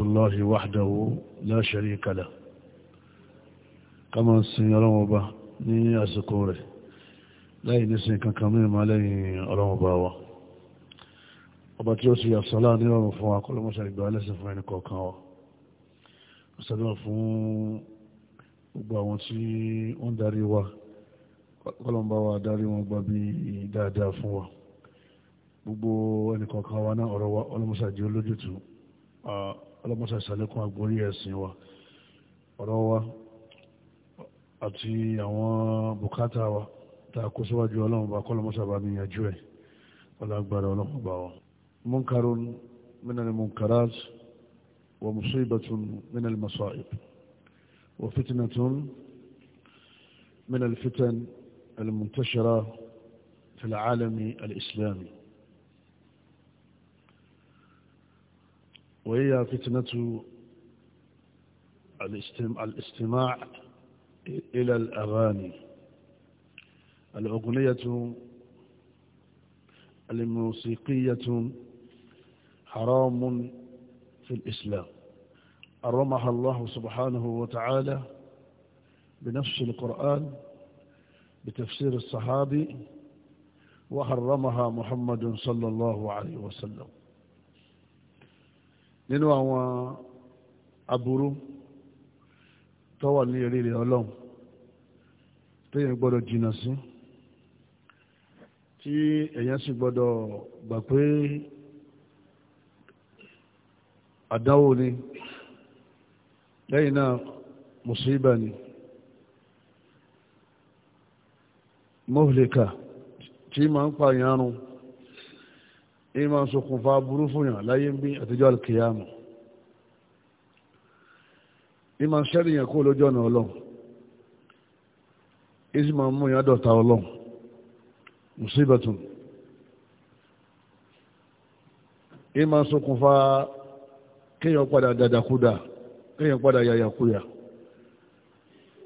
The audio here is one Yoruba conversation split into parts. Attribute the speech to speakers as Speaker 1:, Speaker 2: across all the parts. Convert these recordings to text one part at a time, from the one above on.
Speaker 1: الله وحده لا شريك له كما سيرون وبا ني اسكوره لا ينسي كان كمان ما لين اورون وبا وا ọba tí ó sì yà sọ́lá ní ọ̀rùn fún akọ́lọ́mọ́sà ìgbà alẹ́sẹ̀ fún ẹni kọ̀ọ̀kan wa ọ̀sẹ̀lọ́ fún gbogbo àwọn tí ó ń darí wa kọ́lọ̀mbá wa darí wọn gbà bí dáadáa fún wa gbogbo ẹni kọ̀ọ̀kan wa náà ọ̀rọ̀ wa ọlọ́mọ́sà jẹ́ olójútùú ọlọ́mọsá ìsàlẹ̀kùn àgbórí ẹ̀sìn wa ọ̀rọ̀ wa àti àwọn bùkátà wa tá a kó síwájú ọlọ́run bá kọ́lọ́mọsá bá mi yànjú ẹ̀ ọlọ́gbàrá ọlọ́run bá wa. munkarun minal munkarat wa musibatun minal masaib wa fitnatun minal fitan al-muntashira في العالم الإسلامي وهي فتنة الاستماع إلى الأغاني الأغنية الموسيقية حرام في الإسلام أرمها الله سبحانه وتعالى بنفس القرآن بتفسير الصحابي وحرمها محمد صلى الله عليه وسلم nínú àwọn aburú tó wà ní eré ilẹ̀ ọlọ́run téèyàn gbọ́dọ̀ jìnnà sí tí èèyàn sì gbọ́dọ̀ gbà pé àdánwò ni lẹ́yìn náà mùsíbà ni mọ́hùlẹ́kà tí máa ń pààyàn rún ní máa ṣokùnfà burú fún yàn láyé ń bí àtijọ́ alkiyama ní máa ṣẹ́rìyàn kó lójú ọ̀nà ọlọ́run ní sì máa mú yàn dọ̀ta ọlọ́run musibatun ní máa ṣokùnfà kéèyàn padà dàdàkúdà kéèyàn padà yàyàkúyà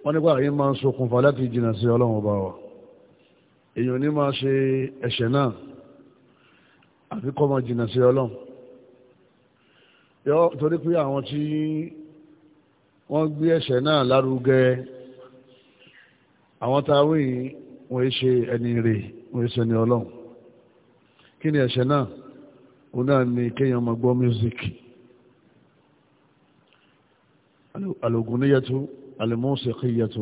Speaker 1: wọ́n nípa àyè máa ṣokùnfà láti jìnnà sí ọlọ́run ọba wa èèyàn ní máa ṣe ẹ̀ṣẹ̀ náà àfi kọ́ máa jìnnà sí ọlọ́run yọ torí pé àwọn tí wọ́n gbé ẹ̀ṣẹ̀ náà lárugẹ àwọn táwé yìí wọ́n ṣe ẹni rè wọ́n ṣe ẹni ọlọ́run kí ni ẹ̀ṣẹ̀ náà òun náà ni kéèyàn máa gbọ́ music alògùnníyàtú alìmọ́sẹ̀kíyàtú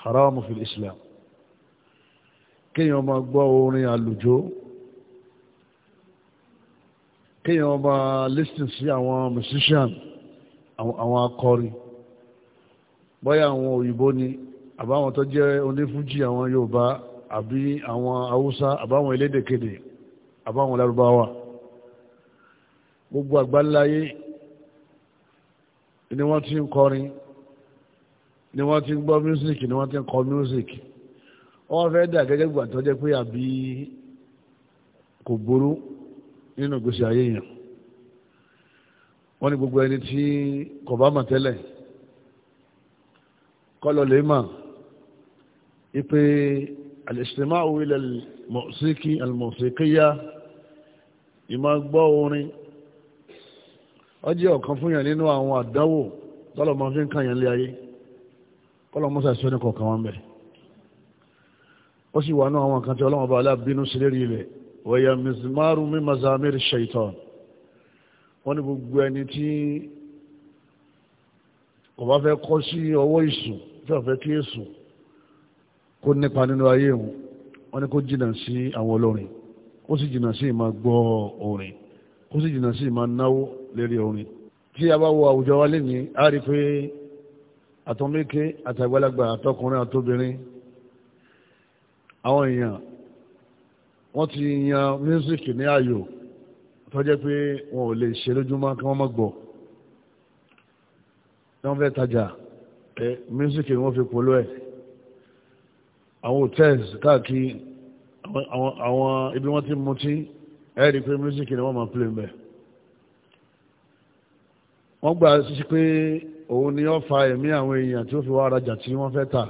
Speaker 1: haramu fi islam kéèyàn máa gbọ́ orin àlùjó kéèyàn bá listen sí àwọn musician àwọn akọrin bóyá àwọn òyìnbó ni àbáwọn tó jẹ́ onífújì àwọn yorùbá àbí àwọn haúsá àbáwọn elédèkedè àbáwọn lárúbáwá gbogbo àgbáláyé ni wọ́n ti ń kọrin ni wọ́n ti ń gbọ́ music ni wọ́n ti ń kọ music wọ́n fẹ́ dà gẹ́gẹ́ gbà tó pé àbí kò burú nínú ìgbésí ayé yẹn wọ́n ní gbogbo ẹni tí kò bá mọ̀ tẹ́lẹ̀ kọ́lọ̀ lè mà ipe al-istima'u ila al-musiki al-musikiya ìmọ̀ gbọ́ orin ó jẹ́ ọ̀kan fún yàn nínú àwọn àdánwò tọ́lọ̀ máa fi ń kàn yàn lé ayé kọ́lọ̀ mọ́sà sọ́ni kọ̀ọ̀kan wọn bẹ̀ ó sì wà nú àwọn kan tí ọlọ́wọ́n bá aláàbínú sí wọ̀yà mizmaru mi mazamir shaitan wọ́n ní gbogbo ẹni tí kò bá fẹ́ kọ́ sí ọwọ́ ìsùn tí wọ́n fẹ́ kí èsùn kó nípa nínú ayé wọn wọ́n ní kó jìnnà sí àwọn olórin kó sì jìnnà sí ìmọ̀ gbọ́ orin kó sì jìnnà sí ìmọ̀ náwó lérí orin tí a bá wo àwùjọ wa lénìí a rí pé àtọ́mẹ́kẹ́ àtàgbàlagbà àtọkùnrin àtobìnrin àwọn èèyàn wọ́n ti yan music ní ayò tó jẹ́ pé wọn ò lè ṣe lójúmọ́ kí wọ́n má gbọ́ tí wọ́n fẹ́ tajà ẹ music ni wọ́n fi polówó ẹ̀ àwọn hotels káàkiri àwọn ibi wọ́n ti mutí ẹ̀ rí i pé music ni wọ́n máa play mbẹ́ wọ́n gbà sísí pé òun ni ó fa ẹ̀mí àwọn èèyàn tí ó fi wá rajà tí wọ́n fẹ́ tà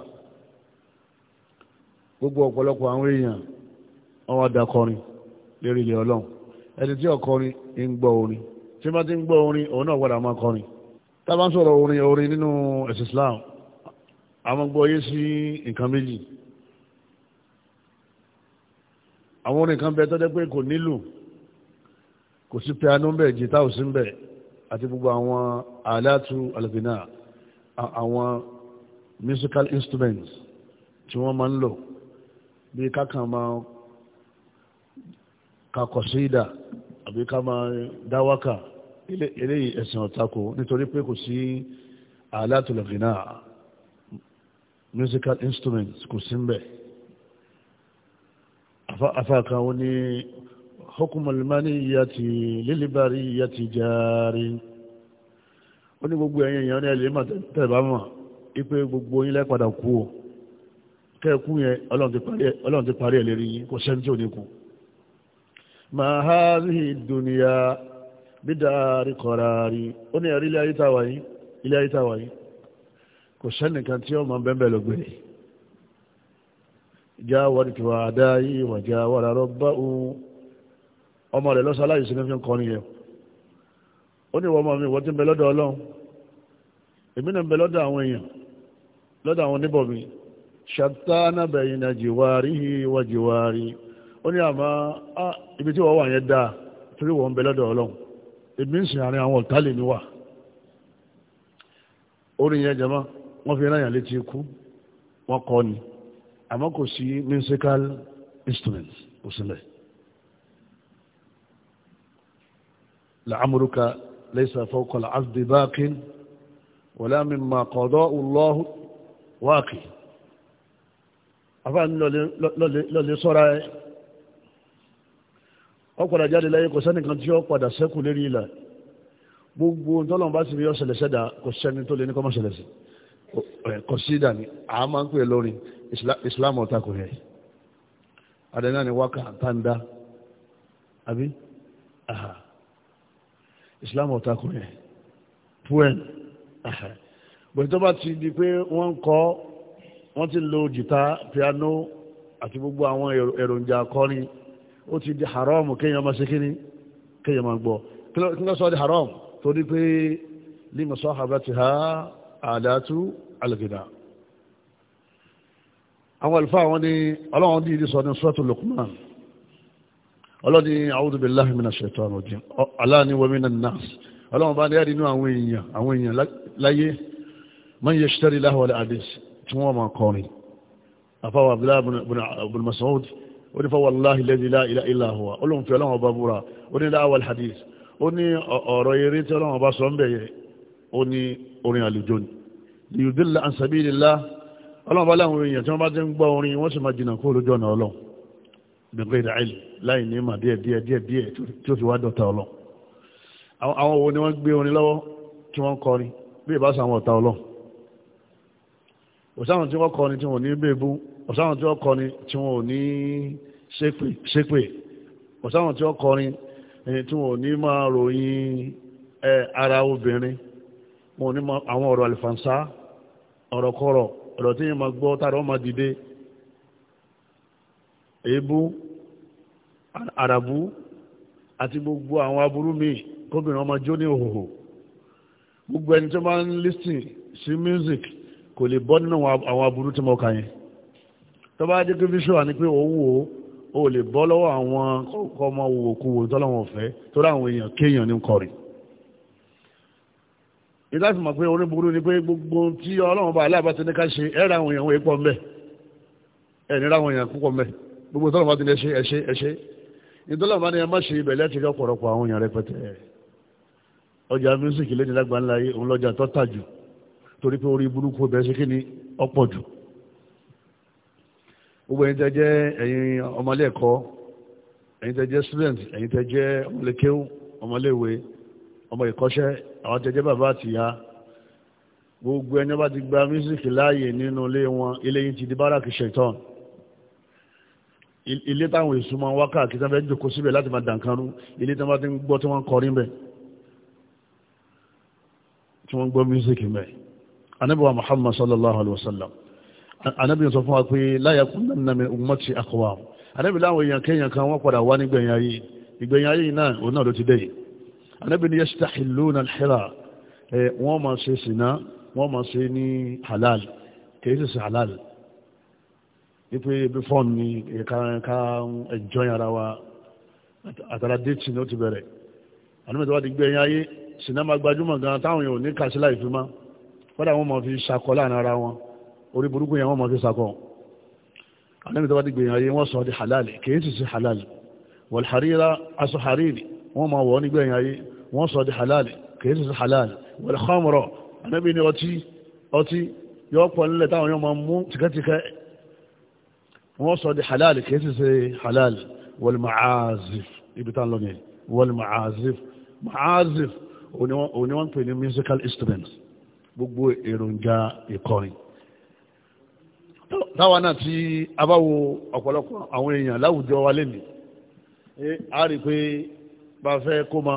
Speaker 1: gbogbo ọ̀pọ̀lọpọ̀ àwọn èèyàn ọwọ́ adakọrin lérí ilé ọlọ́run ẹni tí ọkọrin ń gbọ́ orin tí wọ́n ti ń gbọ́ orin òun náà gbọ́dọ̀ máa kọrin tábà ń sọ̀rọ̀ orin orin nínú ẹ̀sìn Islam àwọn gbọ́ yé sí nǹkan méjì àwọn orin kan bẹ tọ́jọ́ pé kò nílù kò sí piano ń bẹ jìtá ò sí ń bẹ àti gbogbo àwọn aláàtú alìbìnà àwọn musical instruments tí wọ́n máa ń lò bí kákan máa ká kọ̀sídà àbí ká máa dáwákà eléyìí ẹ̀sìn ọ̀tako nítorí pé kò sí alátùlọ̀gìnà musical instruments kò sí ń bẹ̀ afáàkan wọn ni hukumalmani yati lílibari yati jaari ó ní gbogbo ẹ̀yìn èèyàn ní ẹ̀lẹ́ mà tẹ̀bá mọ̀ ipe gbogbo yín lẹ́padà kú o kẹ́ẹ̀kú yẹn ọlọ́run ti parí ẹ̀ lérí yín kò sẹ́ni tí ò ma hazihi dunya bidari qarari ó ní ẹ̀rí ilé ayé tàwà yìí ilé ayé tàwà yìí kò sẹ́nìkan tí ó ma bẹ́ẹ̀bẹ̀ lọ gbé já wàdìtì wà dá yìí wà já wà rárọ́ bá òun ọmọ rẹ̀ lọ́sọ aláyè sí ní fi ń kọ́ nìyẹn ó ní wọ́n mọ̀ mi wọ́n ti bẹ lọ́dọ̀ ọlọ́run èmi náà bẹ lọ́dọ̀ àwọn èèyàn lọ́dọ̀ àwọn oníbọ̀ mi ṣàtánà ó ní àmọ́ ibi tí wọ́n wà yẹn dáa torí wọ́n ń bẹ lọ́dọ̀ ọlọ́run èmi ń sìn àárín àwọn ọ̀tá lè mi wà orin yẹn jama wọ́n fi ráyàn létí ikú wọ́n kọ́ ni àmọ́ kò sí musical instruments kò sílẹ̀ làámúrúkà laysa fawqa al-'abdi baqin wala mimma qada'u Allahu waqi afáàní lọ́lẹ̀ sọ́ra ẹ̀ ó padà jáde láyé kò sẹ́nìkan tí ó padà sẹ́kù lérí ilà gbogbo tọ́lọ́n bá sì fi yọ ṣẹlẹ̀ṣẹ́dà kò sẹ́ni tó lè ní kọ́mọ̀ ṣẹlẹ̀ṣẹ́ kò sí ìdàní a máa ń pè lórin islam ọ̀tá kò yẹ adẹ́nà ni wákà tàǹdà àbí aha islam ọ̀tá kò yẹ puen aha bẹ̀rẹ̀ tó bá ti di pé wọ́n ń kọ́ wọ́n ti lo jìtá piano àti gbogbo àwọn èròjà akọrin ó ti di haramu kéèyàn máa ṣe kíní kéèyàn máa gbọ́ kí ló sọ di haram torí pé lima sahabatiha àdáàtú alìgìdá àwọn àlùfáà wọn ni ọlọ́wọ́n dìídì sọ ní suratul Luqman ọlọ́ni a'udhu billahi minash shaitani rajim aláàni wa minan nas ọlọ́run bá lẹ́yà nínú àwọn èèyàn àwọn èèyàn láyé man yashtari lahwal abdullahi ibn Mas'ud ó ní fawallahi lladhi la ilaha illa huwa olóhùn fi ọlọ́wọ́n ọba búra ó ní láwà alhadis ó ní ọ̀rọ̀ eré tí ọlọ́wọ́n ọba sọ ń bẹ̀yẹ ó ní orin àlùjọ ni liyudilla an sabilillah ọlọ́wọ́n ọba láwọn èèyàn tí wọ́n bá ti ń gbọ́ orin wọ́n sì máa jìnnà kó olójọ́ ọ̀nà ọlọ́run gbẹ̀gbẹ̀ ìdáìlì láì ní mà díẹ̀ díẹ̀ díẹ̀ díẹ̀ tí ọ̀sáwọn tí ó kọrin tí wọn ò ní ṣépè ọ̀sáwọn tí ó kọrin eh, tí wọn ò ní máa ròyìn eh, ara obìnrin wọn ò ní máa àwọn ọ̀rọ̀ àlìfànṣá ọ̀rọ̀ kọ̀rọ̀ ọ̀rọ̀ tí yẹn máa gbọ́ tára ọmọ dìde èébú àràbú àti gbogbo àwọn aburú míì kóbìnrin ọmọ jó ní òhòhò gbogbo ẹni tó máa ń lísìn sí music kò lè bọ́ nínú àwọn aburú tí mo kà yẹn tó bá dé pé bíṣọ́ wà pé owó o lè bọ́ lọ́wọ́ àwọn ọmọ òkúwò tọ́lọ́wọ̀n fẹ́ torí àwọn èèyàn kéèyàn ní kọrì ìdájú mọ̀ pé orí ni pé gbogbo tí ọlọ́run bá aláàbá ti ní ká ṣe ẹ̀rọ àwọn èèyàn wọ́n pọ̀ mbẹ́ ẹ̀ní ra àwọn èèyàn púpọ̀ mbẹ́ gbogbo tọ́lọ́run bá ti ní ẹṣẹ́ ẹṣẹ́ ẹṣẹ́ ìdọ́lọ́run bá ní ẹ má ṣe ibẹ̀ lẹ́tì lọ́pọ̀lọpọ̀ àwọn èèyàn rẹpẹtẹ ọjà mísíkì lẹ́ni lágbàńlá yìí òun lọ́jà tó tà torí pé orí burúkú ibẹ̀ ṣe kí ni ọ̀pọ̀ jù gbogbo ẹ̀yin tẹ́ jẹ́ ẹ̀yin ọmọlé ẹ̀kọ́ ẹ̀yin tẹ́ jẹ́ student ẹ̀yin tẹ́ jẹ́ ọmọlé kéwú ọmọlé ìwé ọmọ ìkọ́ṣẹ́ àwọn tẹ́ jẹ́ bàbá àtìyá gbogbo ẹni bá ti gba mísíkì láàyè nínú ilé wọn ilé yìí ti di báràkì ṣẹ̀tàn ilé táwọn èso máa ń wá káàkiri tí wọ́n fẹ́ jòkó síbẹ̀ láti máa dànkanú ilé tí wọ́n bá ti ń tí wọ́n ń kọrin tí wọ́n ń gbọ́ mísíkì bẹ̀ anábọ̀wá Muhammad sallallahu alayhi wa sallam anábì sọ fún wa pé láyà kún náà mi ọmọ ti àkọwà anábì láwọn èèyàn kẹyàn kan wọ́n padà wá nígbẹ̀yìn ayé ìgbẹ̀yìn ayé náà òun náà ló ti dẹ̀yìn anábì ni yastahilluna al-hila wọ́n máa ṣe sìná wọ́n máa ṣe ní halal kìí ṣe halal wípé ibi fọ́ọ̀n ni ká ẹjọ́ ara wa àtàrà déètì ni ó ti bẹ̀rẹ̀ anábì tó wá ti gbẹ̀yìn ayé sìná máa gbajúmọ̀ gan táwọn èèyàn ò ní kàṣíláì fi má fọ́dà wọn máa fi ṣakọ láàrin ara wọn orí burúkú yẹn wọ́n mọ̀ fi sakọ́ ànábì tó bá ti gbìyànjú ayé wọ́n sọ di halal kìí sì sí halal wal harira aṣọ hariri wọ́n máa wọ̀ nígbẹ̀yìn ayé wọ́n sọ di halal kìí sì sí halal wal khamra ànábì ní ọtí ọtí yọ pọ̀ nílẹ̀ táwọn yọ máa mú tìkẹ́tìkẹ́ wọ́n sọ di halal kìí sì sí halal wal ma'azif ibi tá lọ yẹn ma'azif ma'azif òní wọ́n pè ní musical instruments gbogbo èròjà ìkọrin táwa náà tí a bá wo ọ̀pọ̀lọpọ̀ àwọn èèyàn láwùjọ wa lè ní a rí pé bá fẹ́ kó ma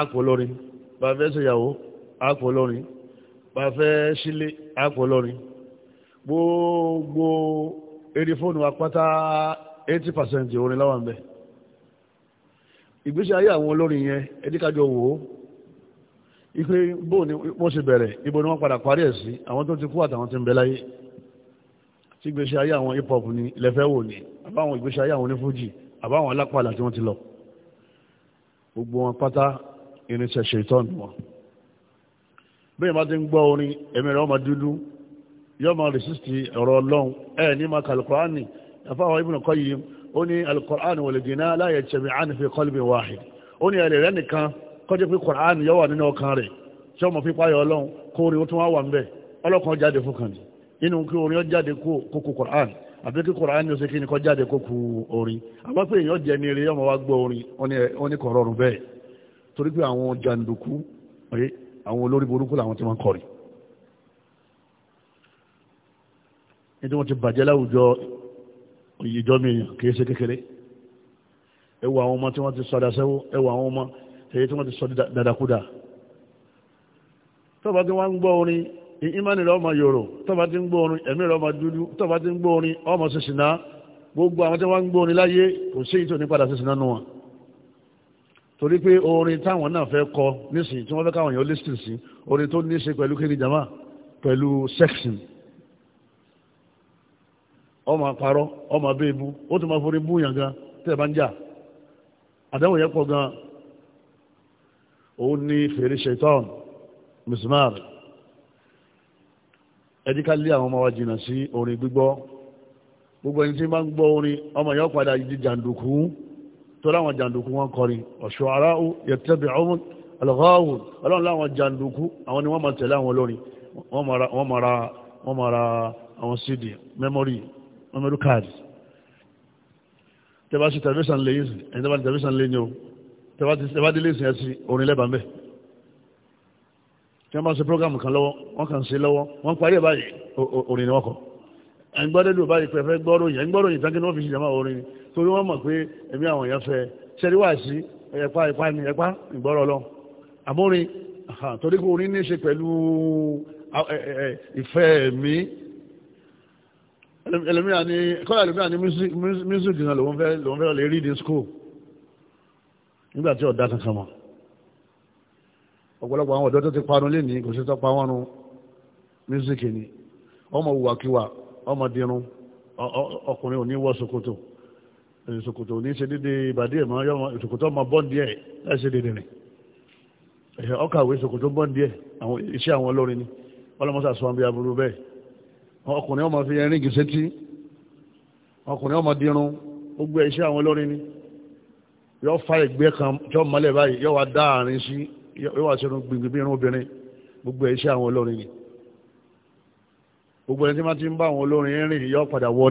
Speaker 1: àpò lọ́rin bá fẹ́ ṣèyàwó àpò lọ́rin bá fẹ́ sílé àpò lọ́rin gbogbo eré fóònù wa eighty percent orin láwọn bẹ́ẹ̀ ìgbésí ayé àwọn olórin yẹn ẹdíkájọ wò ó ipe bó ni wọ́n ṣe bẹ̀rẹ̀ ibo ni wọ́n padà parí ẹ̀ sí àwọn tó ti kú àtàwọn tí ń bẹ láyé tí ìgbésí ayé àwọn hip hop ni lẹ́fẹ́ wò ni àbáwọn ìgbésí ayé àwọn onífújì àbáwọn alápàlà tí wọ́n ti lọ gbogbo wọn pátá irinṣẹ́ ṣètọ́nù wọn bẹ́ẹ̀ máa ti ń gbọ́ orin ẹ̀mí rẹ̀ ọmọ dúdú yóò máa rìsísì ọ̀rọ̀ ọlọ́run ẹ̀ ní máa ka alukur'ani àfáwọn Ibn Qayyim ó ní alukur'ani wal dina la yajtami'ani fi qalbin wahid ó ní ẹ̀rẹ̀ rẹ̀ nìkan kọjú pé kur'ani yóò wà nínú ọkàn rẹ̀ tí ó mọ̀ fipá yọ ọlọ́run kóore ó tún wá wà ń bẹ̀ ọlọ́kan jáde fún kàn ní nínú kí orin ọjáde kókó Qur'an àbí kí Qur'an ní ó ṣe kí ní kọ jáde kókó orin àwọn pé èèyàn jẹ ní eré ọmọ wa gbọ́ orin oníkọ̀rọ̀ ọ̀rùn bẹ́ẹ̀ torí pé àwọn jàǹdùkú àwọn olórí burúkú làwọn tí wọ́n kọrin ní tí wọ́n ti bàjẹ́ láwùjọ ìjọ mi kìí ṣe kékeré ẹ wo àwọn ọmọ tí wọ́n ti sọdá sẹ́wó ẹ wo àwọn ọmọ tí wọ́n ti sọdá dàdàkúdà tó bá tí wọ́n ń orin ìmánì rẹ̀ ọmọ yòrò tọ́ba ti ń gbọ́ orin ẹ̀mí rẹ̀ ọmọ dúdú tọ́ba ti ń gbọ́ ọmọ sísìn gbogbo àwọn tí wọ́n ń gbọ́ láyé kò sí ìtò ní padà sísìn nù wọn torí pé orin táwọn náà fẹ́ kọ nísìnyí tí wọ́n fẹ́ káwọn èèyàn lísìn sí orin tó ní í ṣe pẹ̀lú kiri jama pẹ̀lú sẹ́ksìn ọmọ ọmọ ó tún máa forí gan tẹ́ ẹ ẹdí ká lé àwọn ọmọ wa jìnnà sí orin gbígbọ́ gbogbo ẹni tí ń bá ń gbọ́ orin ọmọ yẹn padà di jàǹdùkú torí àwọn jàǹdùkú wọn kọrin ọ̀ṣọ́ ara ó yẹtẹ́bẹ̀ ọmọ alọ́gáwò ọlọ́run láwọn jàǹdùkú àwọn ni wọ́n máa tẹ̀lé àwọn olórin wọ́n máa ra wọ́n máa ra àwọn cd memory memory card tẹ́bá sí tẹlifíṣàn lẹ́yìn ẹni tẹ́bá sí tẹlifíṣàn lẹ́yìn o tẹ́bá délé ìsìn ẹ̀ sí orin lẹ́bàá mẹ́ẹ̀ tí wọ́n bá ń ṣe prógámù kan lọ́wọ́ wọ́n kàn ṣe lọ́wọ́ wọ́n parí ẹ̀ báyìí orin ni wọ́n kọ ẹ̀ń gbọ́dọ̀ lù báyìí pé ẹ̀fẹ́ gbọ́rò yẹn gbọ́rò yìí tánkì ní wọ́n fi ṣèjọba orin torí wọ́n mọ̀ pé ẹ̀mí àwọn èèyàn fẹ́ ṣẹ́rí wà sí ẹ̀pá ẹ̀pá ni ẹ̀pá ìgbọ́rọ̀ lọ àmórin torí kò orin ní ṣe pẹ̀lú ìfẹ́ ẹ̀mí ẹlòmíràn ni kọ́lá ẹlòmíràn ni music náà lòun fẹ́ lè rí ní school nígbà tí ọ̀dà kankan ọ̀pọ̀lọpọ̀ àwọn ọ̀dọ́ tó ti parun lé ní kò sí tọ́pa wọn mísíkì ni ọmọ wùwàkiwà ọmọ dirun ọkùnrin ò ní wọ ṣòkòtò ṣòkòtò ò ní ṣe dédé ìbàdí ẹ̀mọ́ ṣòkòtò ọmọ bọ́ǹdì ẹ̀ láìṣe dédé rìn ẹ̀hẹ́ ọkàwé ṣòkòtò bọ́ǹdì ẹ̀ iṣẹ́ àwọn olórin ni ọlọ́mọṣà sọ àbí aburú bẹ́ẹ̀ ọkùnrin ọmọ fi ẹrin gèsè tí ọkùnrin ọmọ dirun ó gbé iṣẹ́ àwọn olórin ni yọ fa ìgbẹ́ kan tí ọ yóò wá sínú gbìngbìn bí irun obìnrin gbogbo ẹ̀ iṣẹ́ àwọn olórin ni gbogbo ẹni tí ti ń bá àwọn olórin rìn yọ padà wọ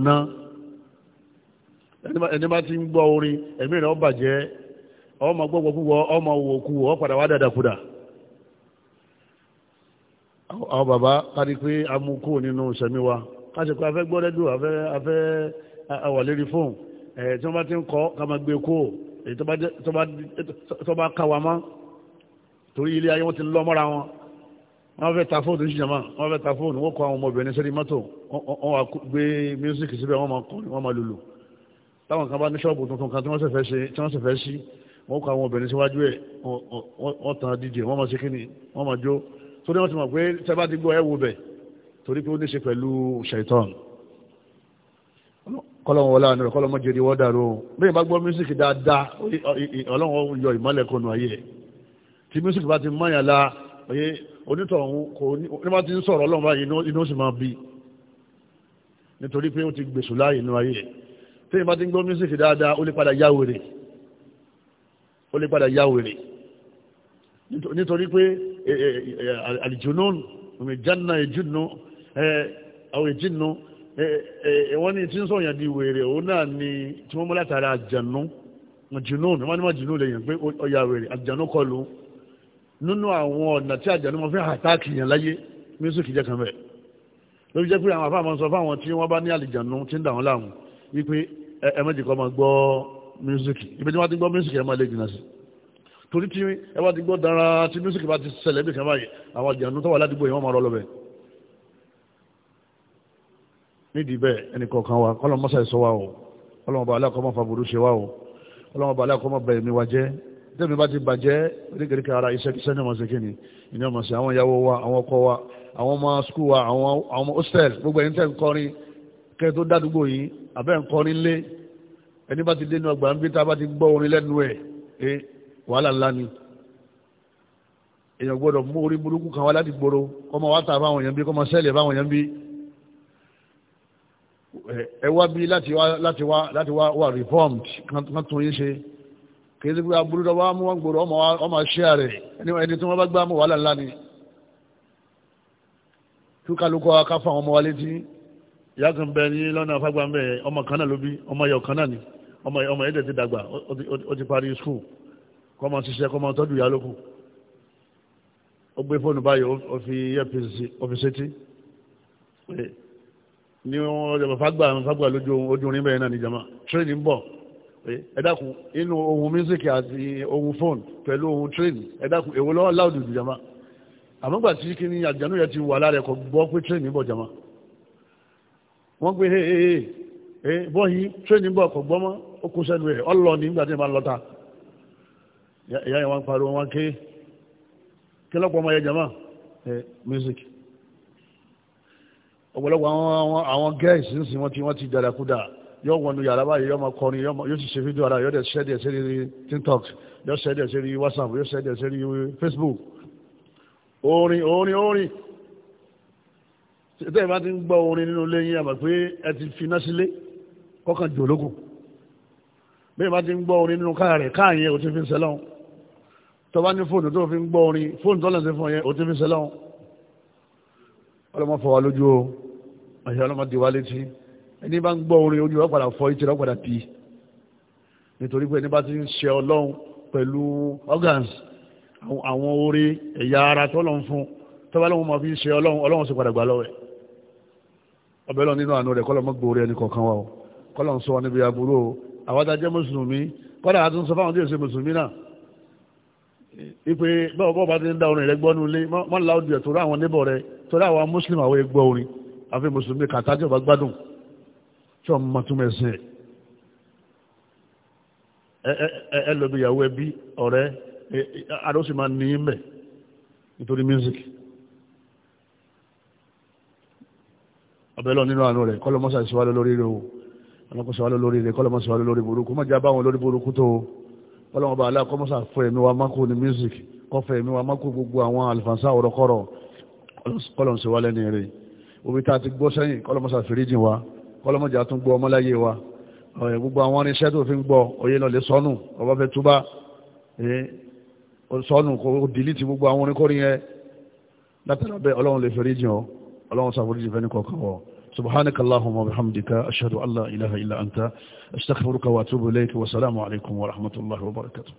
Speaker 1: ẹni bá ti ń gbọ́ orin ẹ̀mí rẹ̀ ọ ọmọ ọmọ ọ padà wá dàdàkudà àwọn bàbá kárí pé a mú kúrò nínú wa pé fóun tí ti ń ká máa gbé kúrò èyí tó bá torí ilé ayé wọ́n ti lọ́ mọ́ra wọn wọ́n fẹ́ ta fóònù ìṣìjàmá wọ́n fẹ́ ta fóònù wọ́n kọ àwọn ọmọbìnrin sẹ́ni mọ́tò wọ́n wá gbé mísíkì síbẹ̀ wọ́n máa kọrin wọ́n máa lùlù táwọn kan bá ní ṣọ́ọ̀bù tuntun kan tí wọ́n sì fẹ́ ṣe tí wọ́n sì fẹ́ ṣí wọ́n kọ àwọn obìnrin síwájú ẹ̀ wọ́n tan díje wọ́n máa ṣe kíni wọ́n máa jó torí wọ́n ti mọ̀ pé tẹ́ ẹ̀ wo bẹ̀ torí pé ó ní ṣe wọlé àná rẹ̀ kọ́lọ́mọ́ jẹ́ni wọ́n dàrú bẹ́ẹ̀ bá gbọ́ mísíkì dáadáa ọlọ́wọ́ yọ ìmọ́lẹ̀ kọnu ayé tí music bá ti mọ́yàn la oye onítọ̀hún kò ní bá ti ń sọ̀rọ̀ ọlọ́run báyìí inú sì máa bí nítorí pé ó ti gbèsù láàyè inú ayé tí ìbá ti ń gbọ́ music dáadáa ó lè padà yá wèrè ó lè padà yá wèrè nítorí pé àlìjùnú ìjánná ìjùnú àwọn ìjìnú wọ́n ní tí ń sọ̀yàn di wèrè òun náà ni tí wọ́n mú látara àjànú jùnú ìwọ́n ní wọ́n jùnú lè yàn pé ó yá wèrè àjànú kọlu nínú àwọn ọ̀nà tí àjànú mọ́ fi àtàkì yàn láyé mísíkì jẹ́ kan bẹ̀ ló fi jẹ́ pé àwọn afáàmọ́ sọ fáwọn tí wọ́n bá ní àlìjànú tí ń dà wọ́n láàmú wípé ẹ̀mẹ́jì kọ́ máa gbọ́ mísíkì ibi tí wọ́n ti gbọ́ mísíkì ẹ̀ máa lè jìnnà sí torí tí ẹ bá ti gbọ́ dára tí mísíkì bá ti ṣẹlẹ̀ bí kan báyìí àwọn àjànú tó wà ládùúgbò yẹn wọ́n máa rọ lọ́bẹ̀ nídìí bẹ́ẹ̀ ẹnì kọ̀ọ̀kan wa kọ́lọ́ tẹ́mi bá ti bàjẹ́ oríkèríkè ara iṣẹ́kíṣẹ́ ní ọmọọ̀sẹ̀ kí ni ìní ọmọọ̀sẹ̀ àwọn ìyàwó wa àwọn ọkọ wa àwọn ọmọ skul wa àwọn ọmọ hostel gbogbo ẹni tẹ́ ń kọrin kẹ́ tó dádúgbò yìí abẹ́ ń kọrin lé ẹni bá ti dénú ọgbà ń bí tá a bá ti gbọ́ orin lẹ́nu ẹ̀ ẹ wàhálà ńlá ni èèyàn gbọ́dọ̀ mú orí burúkú kan wá láti gbòòrò kọ́mọ wá ta báwọn èèyàn bí kọ́mọ sẹ́ẹ̀lì báwọn èèyàn bí ẹ wá bí láti wá láti wá láti wá wà reformed kan tún yín ṣe kì í sí pé aburú tó wá mú wọn gbòòrò ọmọ ṣíà rẹ̀ ẹni tí wọ́n bá gbá mú wàhálà ńlá ni túkàlùkọ́ akáfà ọmọ wa létí ìyá kan bẹ ní lọ́nà afágbá ń bẹ ọmọ kan náà ló bí ọmọ ẹ̀yọ̀ kan náà ni ọmọ ọmọ ẹ̀dẹ̀ ti dàgbà ó ti parí skul kọ́ máa ṣiṣẹ́ kọ́ máa tọ́jú ìyá lókù ó gbé fóònù báyìí ó fi ẹ́pì sétí ní wọ́n ọjọ́ fàgbà fàgbà lójú orin bẹ́ẹ̀ náà ní jama tírẹ́nì ń bọ̀ Eh, ẹ dákun inú ohun mísíkì àti ohun fóònù pẹ̀lú ohun tírèènì ẹ dákun èwo lọ́wọ́ láòdù jama àmọ́gbà tí kí ni àjànú yẹn ti wà lára ẹ̀kọ́ gbọ́ pé tírèènì bọ̀ jama wọ́n gbé he he he bọ́yì tírèènì bọ̀ kò gbọ́mọ́ ó kó sẹ́nu ẹ̀ ọlọ ní nígbà tí ẹ máa lọ ta ìyá yẹn wọn pariwo wọn ké kí lọ́pọ̀ ọmọ yẹn jama mísíkì ọ̀pọ̀lọpọ̀ àwọn àwọn gẹ́ẹ̀sì ń sìn wọ́n ti wọ́n ti dàdàkúdà yóò wọnú yàrá báyìí yóò máa kọrin yóò sì ṣe fídíò ara yóò dẹ̀ ṣẹ́ díẹ̀ sí tiktok yóò ṣẹ́ díẹ̀ sí whatsapp yóò ṣẹ́ díẹ̀ sí facebook orin orin orin tẹ́ ẹ bá ti ń gbọ́ orin nínú ilé yín àmọ̀ pé ẹ ti fi iná sílé kọ́kàn jò lókun bẹ́ẹ̀ bá ti ń gbọ́ orin nínú káà rẹ̀ káà yẹn ò ti fi ń sẹ́lọ́hún tó bá ní fóònù tó fi ń gbọ́ orin fóònù tó lẹ́sẹ̀ fún yẹn ò ti fi ń sẹ́lọ́hún ọlọ́mọ fọwọ́ lójú o àyà ọlọ́mọ diwa létí ẹni bá ń gbọ́ orin ojú rẹ̀ padà fọ́ ìtìrẹ̀ padà pì nítorí pé ẹni bá ti ń ṣe ọlọ́run pẹ̀lú organs àwọn orí ẹ̀yà ara tó lọ́n fún tọ́ba lọ́wọ́ máa fi ṣe ọlọ́run ọlọ́run sì padà gbà lọ́wọ́ ẹ̀ ọbẹ̀ lọ nínú àánú rẹ̀ kọ́lọ́ mọ́gbò orí ẹni kọ̀ọ̀kan wa o kọ́lọ́ ń sọ wọn níbi aburú o àwọn adájẹ́ mùsùlùmí kọ́lá àti ń sọ fáwọn tí yóò ṣe mùsùlùmí náà ipe báwo báwo bá ti ń da orin rẹ̀ gbọ́nu lé mọ́ láwùjọ torí àwọn níbọ̀ rẹ̀ torí àwọn mùsùlùmí àwọn egbọ́ orin àfi mùsùlùmí kàtàkì ọba gbádùn tí wọ́n mọ̀ túnmọ̀ ẹ̀sìn ẹ̀ ẹ lọ́dọ̀ ìyàwó ẹbí ọ̀rẹ́ adó sì máa ní mẹ́ nítorí music ọ̀bẹ̀ lọ nínú àánú rẹ̀ kọ́lọ́mọ́sà ìṣòwálé lórí rẹ̀ o ọlọ́kọ̀ṣọ́wálé lórí rẹ̀ kọ́lọ́mọ́sà lórí burúkú má já báwọn lórí burúkú tó ọlọ́mọba aláàkọ́mọ́sà fọ ẹ̀mí wa mákò ní music kọfẹ́ ẹ̀mí wa mákò gbogbo àwọn àlùfànṣá ọ̀rọ̀kọ́rọ̀ kọ́lọ́mọ́sà wálé ní rẹ̀ omi tá a ti gbọ́ sẹ́yìn kọ́lọ́mọ́sà fèrè jìn wa kọ́lọ́mọ́jà tún gbọ́ ọmọláyé wa gbogbo àwọn irinṣẹ́ tó fi ń gbọ́ oyè lọ lè sọnù ọba fẹ́ túbá sọnù kò dìlítì gbogbo àwọn oníkórin yẹn látara bẹ́ẹ̀ ọlọ́run lè fẹ́rí jìn ọ́ ọlọ́run sàforíjì fẹ́ ní kọ̀ọ̀kan wọ̀ سبحانك اللهم وبحمدك أشهد أن لا إله إلا أنت أستغفرك وأتوب إليك والسلام عليكم ورحمة الله وبركاته